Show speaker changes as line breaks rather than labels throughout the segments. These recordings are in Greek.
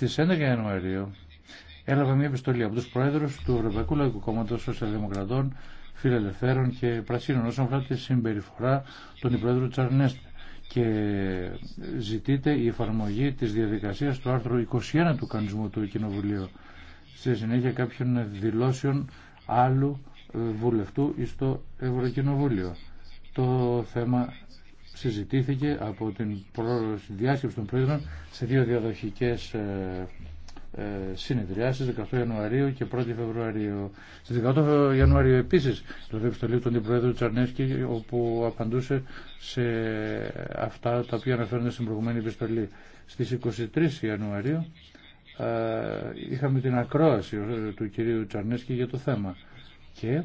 Στι 11 Ιανουαρίου έλαβα μια επιστολή από τους Πρόεδρους του Ευρωπαϊκού Λαϊκού Κόμματο Σοσιαλδημοκρατών, Φιλελευθέρων και Πρασίνων όσον αφορά τη συμπεριφορά των υπρόεδρων τσαρνέστ και ζητείται η εφαρμογή της διαδικασίας του άρθρου 21 του κανονισμού του Κοινοβουλίου στη συνέχεια κάποιων δηλώσεων άλλου βουλευτού στο Ευρωκοινοβούλιο. Το θέμα συζητήθηκε από την διάσκεψη των πρόεδρων σε δύο διαδοχικές ε, ε, συνεδριάσεις 18 Ιανουαρίου και 1 Φεβρουαρίου. Στις 18 Ιανουαρίου επίσης το επιστολή του Αντιπρόεδρου Τσαρνέσκη όπου απαντούσε σε αυτά τα οποία αναφέρονται στην προηγουμένη επιστολή. Στις 23 Ιανουαρίου ε, είχαμε την ακρόαση του κυρίου Τσαρνέσκη για το θέμα και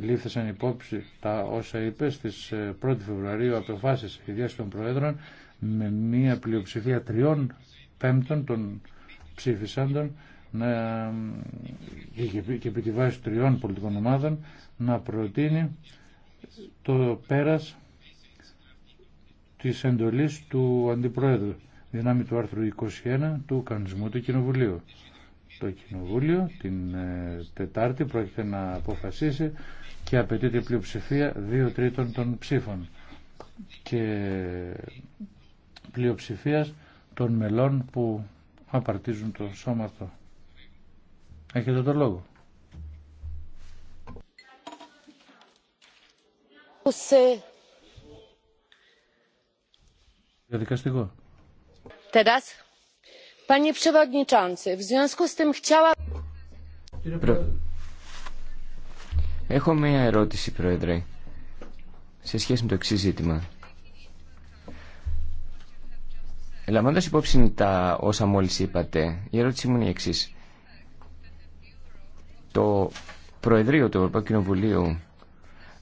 λήφθησαν υπόψη τα όσα είπε στις 1η ε, Φεβρουαρίου αποφάσεις ιδιαίτερα των Προέδρων με μία πλειοψηφία τριών πέμπτων των ψήφισάντων να, και επί τη βάση τριών πολιτικών ομάδων να προτείνει το πέρας της εντολής του Αντιπρόεδρου δυνάμει του άρθρου 21 του κανονισμού του Κοινοβουλίου. Το Κοινοβούλιο την ε, Τετάρτη πρόκειται να αποφασίσει και απαιτείται πλειοψηφία δύο τρίτων των ψήφων και πλειοψηφίας των μελών που απαρτίζουν το σώμα αυτό. Έχετε το λόγο. Σε... Διαδικαστικό.
Teraz, panie przewodniczący, w związku z tym
Έχω μία ερώτηση, Πρόεδρε, σε σχέση με το εξή ζήτημα. Λαμβάνοντας υπόψη τα όσα μόλις είπατε, η ερώτησή μου είναι η εξής. Το Προεδρείο του Ευρωπαϊκού Κοινοβουλίου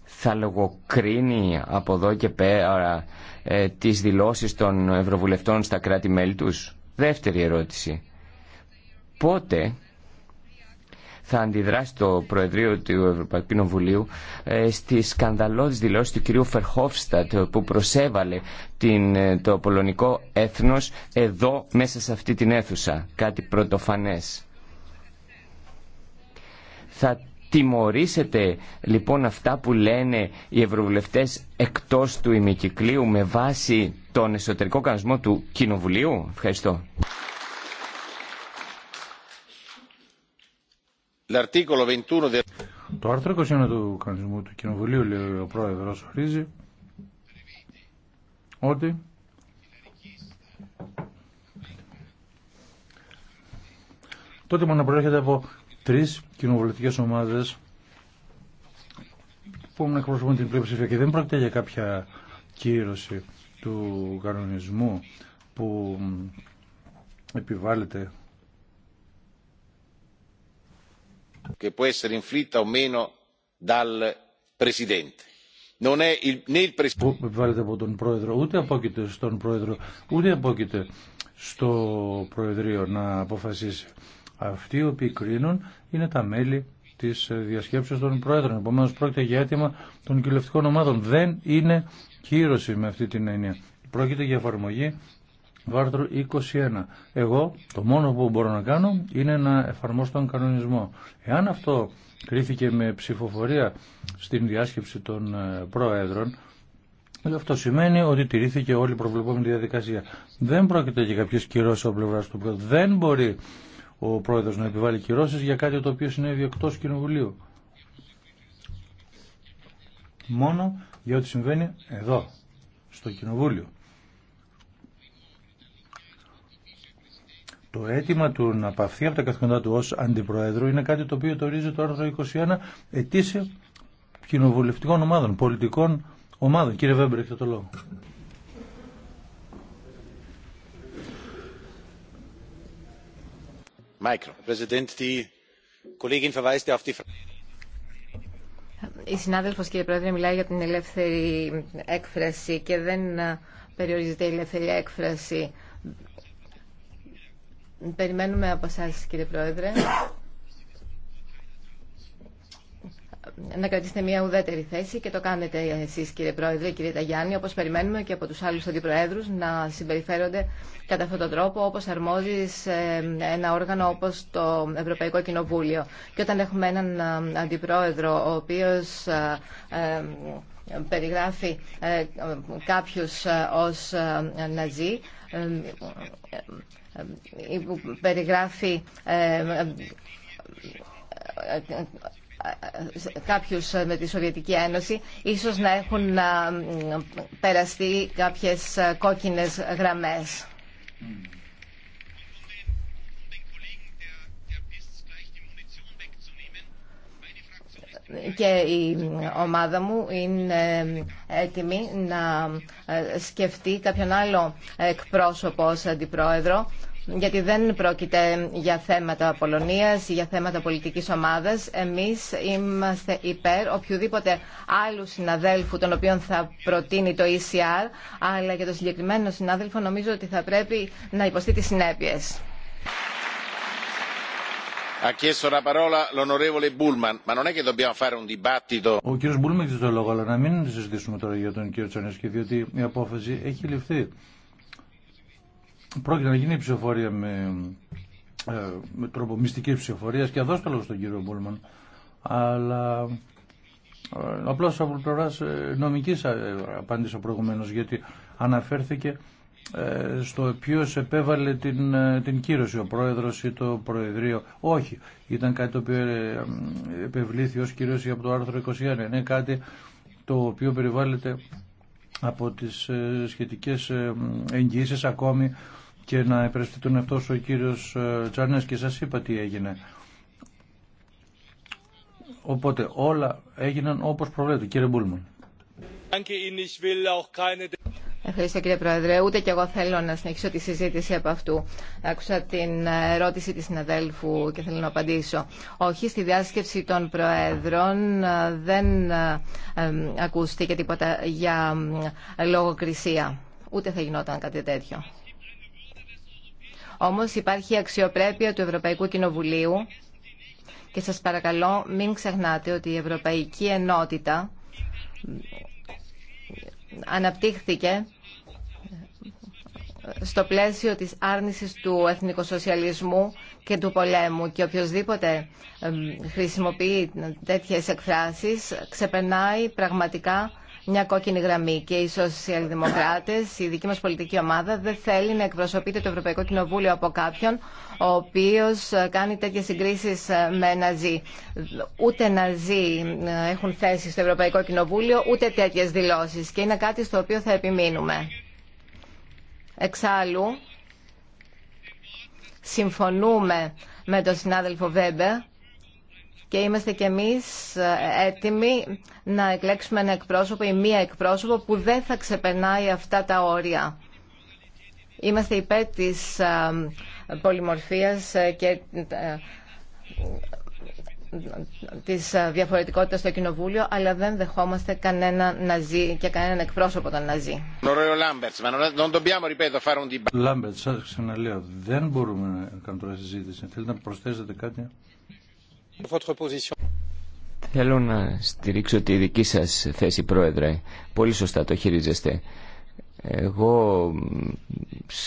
θα λογοκρίνει από εδώ και πέρα ε, τις δηλώσεις των Ευρωβουλευτών στα κράτη-μέλη τους. Δεύτερη ερώτηση. Πότε θα αντιδράσει το Προεδρείο του Ευρωπαϊκού Κοινοβουλίου ε, στις σκανδαλώδεις δηλώσεις του κυρίου Φερχόφστατ ε, που προσέβαλε την, ε, το πολωνικό έθνος εδώ μέσα σε αυτή την αίθουσα. Κάτι πρωτοφανές. Θα τιμωρήσετε λοιπόν αυτά που λένε οι ευρωβουλευτές εκτός του ημικυκλίου με βάση τον εσωτερικό κανονισμό του Κοινοβουλίου. Ευχαριστώ. Το
άρθρο 21 του κανονισμού του Κοινοβουλίου, λέει ο πρόεδρο ορίζει ότι τότε μόνο προέρχεται από τρει κοινοβουλευτικέ ομάδε που έχουν εκπροσωπούν την πλειοψηφία και δεν πρόκειται για κάποια κύρωση του κανονισμού που επιβάλλεται che Επιβάλλεται από τον πρόεδρο, ούτε απόκειται στον πρόεδρο, ούτε απόκειται στο Προεδρείο να αποφασίσει. Αυτοί οι οποίοι κρίνουν είναι τα μέλη τη διασκέψεω των Προέδρων. Επομένω, πρόκειται για αίτημα των κοινοβουλευτικών ομάδων. Δεν είναι κύρωση με αυτή την έννοια. Πρόκειται για εφαρμογή Βάρτρο 21. Εγώ το μόνο που μπορώ να κάνω είναι να εφαρμόσω τον κανονισμό. Εάν αυτό κρίθηκε με ψηφοφορία στην διάσκεψη των ε, πρόεδρων, αυτό σημαίνει ότι τηρήθηκε όλη η προβλεπόμενη διαδικασία. Δεν πρόκειται για κάποιε κυρώσει από πλευρά του πρόεδρου. Δεν μπορεί ο πρόεδρο να επιβάλλει κυρώσει για κάτι το οποίο συνέβη εκτό κοινοβουλίου. Μόνο για ό,τι συμβαίνει εδώ, στο κοινοβούλιο. Το αίτημα του να παυθεί από τα καθημερινά του ως αντιπροέδρου είναι κάτι το οποίο το ορίζει το άρθρο 21 ετήσιο κοινοβουλευτικών ομάδων, πολιτικών ομάδων. Κύριε Βέμπερ, έχετε το λόγο.
Η συνάδελφος κύριε Πρόεδρε μιλάει για την ελεύθερη έκφραση και δεν περιορίζεται η ελεύθερη έκφραση Περιμένουμε από εσά, κύριε Πρόεδρε, να κρατήσετε μια ουδέτερη θέση και το κάνετε εσεί, κύριε Πρόεδρε, κύριε Ταγιάννη, όπω περιμένουμε και από του άλλου αντιπροέδρου να συμπεριφέρονται κατά αυτόν τον τρόπο, όπω αρμόζει σε ένα όργανο όπω το Ευρωπαϊκό Κοινοβούλιο. Και όταν έχουμε έναν αντιπρόεδρο, ο οποίο ε, ε, περιγράφει ε, κάποιους ως ναζί που ε, περιγράφει ε, ε, κάποιους με τη Σοβιετική Ένωση ίσως να έχουν περαστεί κάποιες κόκκινες γραμμές. Mm. και η ομάδα μου είναι έτοιμη να ε, σκεφτεί κάποιον άλλο εκπρόσωπο ως αντιπρόεδρο γιατί δεν πρόκειται για θέματα Πολωνίας ή για θέματα πολιτικής ομάδας. Εμείς είμαστε υπέρ οποιοδήποτε άλλου συναδέλφου τον οποίον θα προτείνει το ECR αλλά για το συγκεκριμένο συνάδελφο νομίζω ότι θα πρέπει να υποστεί τις συνέπειες.
Ο κύριο Μπούλμαν έχει το λόγο, αλλά να μην συζητήσουμε τώρα για τον κύριο Τσανέσκη, διότι η απόφαση έχει ληφθεί. Πρόκειται να γίνει ψηφοφορία με, ε, με τρόπο μυστική ψηφοφορία και αδώ το λόγο στον κύριο Μπούλμαν. Αλλά ε, απλώ από πλευρά ε, νομική απάντησα προηγουμένω, γιατί αναφέρθηκε ε, στο οποίο επέβαλε την, ε, την κύρωση ο πρόεδρος ή το προεδρείο. Όχι, ήταν κάτι το οποίο ε, επευλήθη ως κύρωση από το άρθρο 21. Είναι κάτι το οποίο περιβάλλεται από τις σχετικές εγγυήσεις ακόμη και να επρεστεί τον αυτός ο κύριος Τσάρνες και σας είπα τι έγινε. Οπότε όλα έγιναν όπως προβλέπεται. Κύριε Μπούλμαν.
Ευχαριστώ κύριε Πρόεδρε. Ούτε και εγώ θέλω να συνεχίσω τη συζήτηση από αυτού. Άκουσα την ερώτηση της συναδέλφου και θέλω να απαντήσω. Όχι, στη διάσκεψη των Προέδρων ε, δεν ε, ακούστηκε τίποτα για ε, λογοκρισία. Ούτε θα γινόταν κάτι τέτοιο. Όμως υπάρχει αξιοπρέπεια του Ευρωπαϊκού Κοινοβουλίου και σας παρακαλώ μην ξεχνάτε ότι η Ευρωπαϊκή Ενότητα αναπτύχθηκε στο πλαίσιο της άρνησης του εθνικοσοσιαλισμού και του πολέμου και οποιοδήποτε χρησιμοποιεί τέτοιες εκφράσεις ξεπερνάει πραγματικά μια κόκκινη γραμμή και οι σοσιαλδημοκράτες, η δική μας πολιτική ομάδα δεν θέλει να εκπροσωπείται το Ευρωπαϊκό Κοινοβούλιο από κάποιον ο οποίος κάνει τέτοιες συγκρίσεις ε, με ναζί. Ούτε ναζί ε, έχουν θέση στο Ευρωπαϊκό Κοινοβούλιο, ούτε τέτοιες δηλώσεις και είναι κάτι στο οποίο θα επιμείνουμε. Εξάλλου, συμφωνούμε με τον συνάδελφο Βέμπερ και είμαστε κι εμείς ε, έτοιμοι να εκλέξουμε ένα εκπρόσωπο ή μία εκπρόσωπο που δεν θα ξεπερνάει αυτά τα όρια. Είμαστε υπέρ της ε, πολυμορφίας ε, και της ε, διαφορετικότητας στο Κοινοβούλιο, αλλά δεν δεχόμαστε κανένα ναζί και κανέναν εκπρόσωπο των ναζί.
Λάμπερτ, σας ξαναλέω, δεν μπορούμε να κάνουμε τώρα συζήτηση. Θέλετε να προσθέσετε κάτι.
Θέλω να στηρίξω τη δική σας θέση, Πρόεδρε. Πολύ σωστά το χειρίζεστε. Εγώ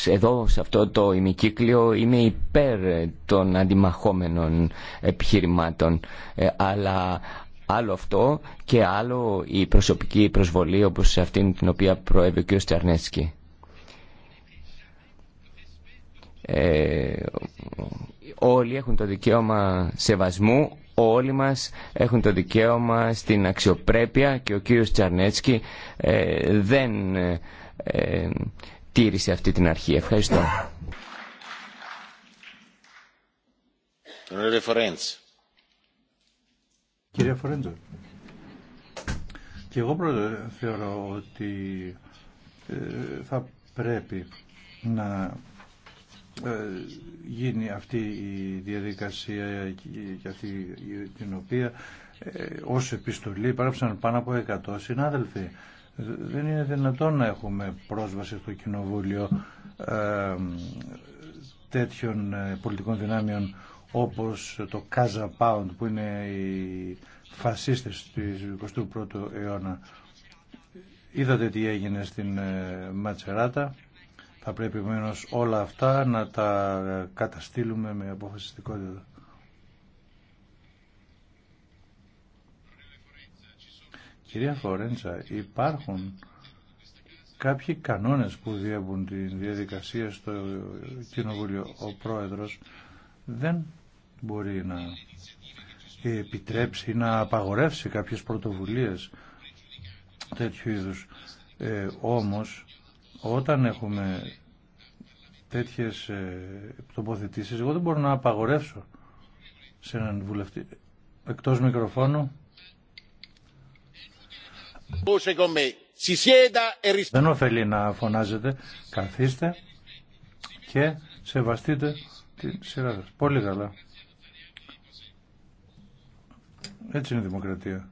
εδώ σε αυτό το ημικύκλιο είμαι υπέρ των αντιμαχόμενων επιχειρημάτων ε, αλλά άλλο αυτό και άλλο η προσωπική προσβολή όπως αυτήν την οποία προέβη ο κ. Τσαρνέσκι. Ε, όλοι έχουν το δικαίωμα σεβασμού, όλοι μας έχουν το δικαίωμα στην αξιοπρέπεια και ο κύριος Τσαρνέτσκι ε, δεν ε, τήρησε αυτή την αρχή. Ευχαριστώ.
Κύριε Φορέντζο, και εγώ πρώτα θεωρώ ότι ε, θα πρέπει να ε, γίνει αυτή η διαδικασία για την οποία ε, ως επιστολή υπάρξαν πάνω από 100 συνάδελφοι δεν είναι δυνατόν να έχουμε πρόσβαση στο κοινοβούλιο τέτοιων ε, πολιτικών δυνάμεων όπως το Casa Pound που είναι οι φασίστες του 21ου αιώνα. Είδατε τι έγινε στην ε, Ματσεράτα. Θα πρέπει μενώς όλα αυτά να τα καταστήλουμε με αποφασιστικότητα. Κυρία Φορέντσα, υπάρχουν κάποιοι κανόνες που διέπουν τη διαδικασία στο Κοινοβούλιο. Ο Πρόεδρος δεν μπορεί να επιτρέψει ή να απαγορεύσει κάποιες πρωτοβουλίες τέτοιου είδους. Ε, όμως, όταν έχουμε τέτοιες ε, τοποθετήσεις, εγώ δεν μπορώ να απαγορεύσω σε έναν βουλευτή εκτός μικροφώνου. Δεν ωφελεί να φωνάζετε. Καθίστε και σεβαστείτε την σειρά σας. Πολύ καλά. Έτσι είναι η δημοκρατία.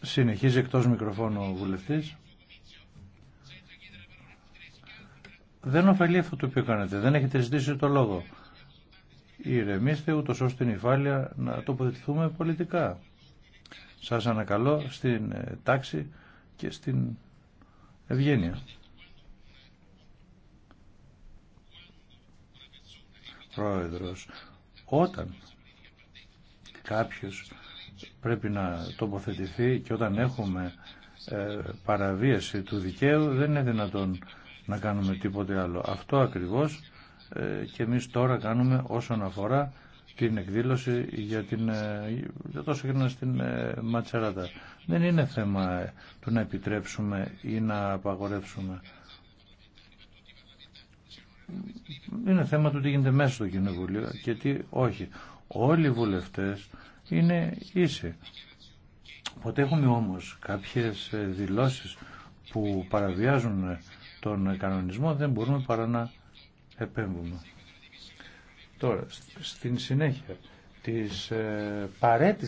Συνεχίζει εκτός μικροφώνου ο βουλευτής. Δεν ωφελεί αυτό το οποίο κάνετε. Δεν έχετε ζητήσει το λόγο. Ηρεμήστε ούτως ώστε την υφάλεια να τοποθετηθούμε πολιτικά. Σας ανακαλώ στην ε, τάξη και στην ευγένεια. Πρόεδρος, όταν κάποιος πρέπει να τοποθετηθεί και όταν έχουμε ε, παραβίαση του δικαίου δεν είναι δυνατόν να κάνουμε τίποτε άλλο. Αυτό ακριβώς ε, και εμείς τώρα κάνουμε όσον αφορά την εκδήλωση για, την, ε, για το στην ε, Ματσαράτα. Δεν είναι θέμα ε, του να επιτρέψουμε ή να απαγορεύσουμε. Είναι θέμα του τι γίνεται μέσα στο Κοινοβούλιο και τι όχι. Όλοι οι βουλευτές είναι ίσοι. Ποτέ έχουμε όμως κάποιες δηλώσεις που παραβιάζουν τον κανονισμό δεν μπορούμε παρά να επέμβουμε. Τώρα, στην συνέχεια της ε,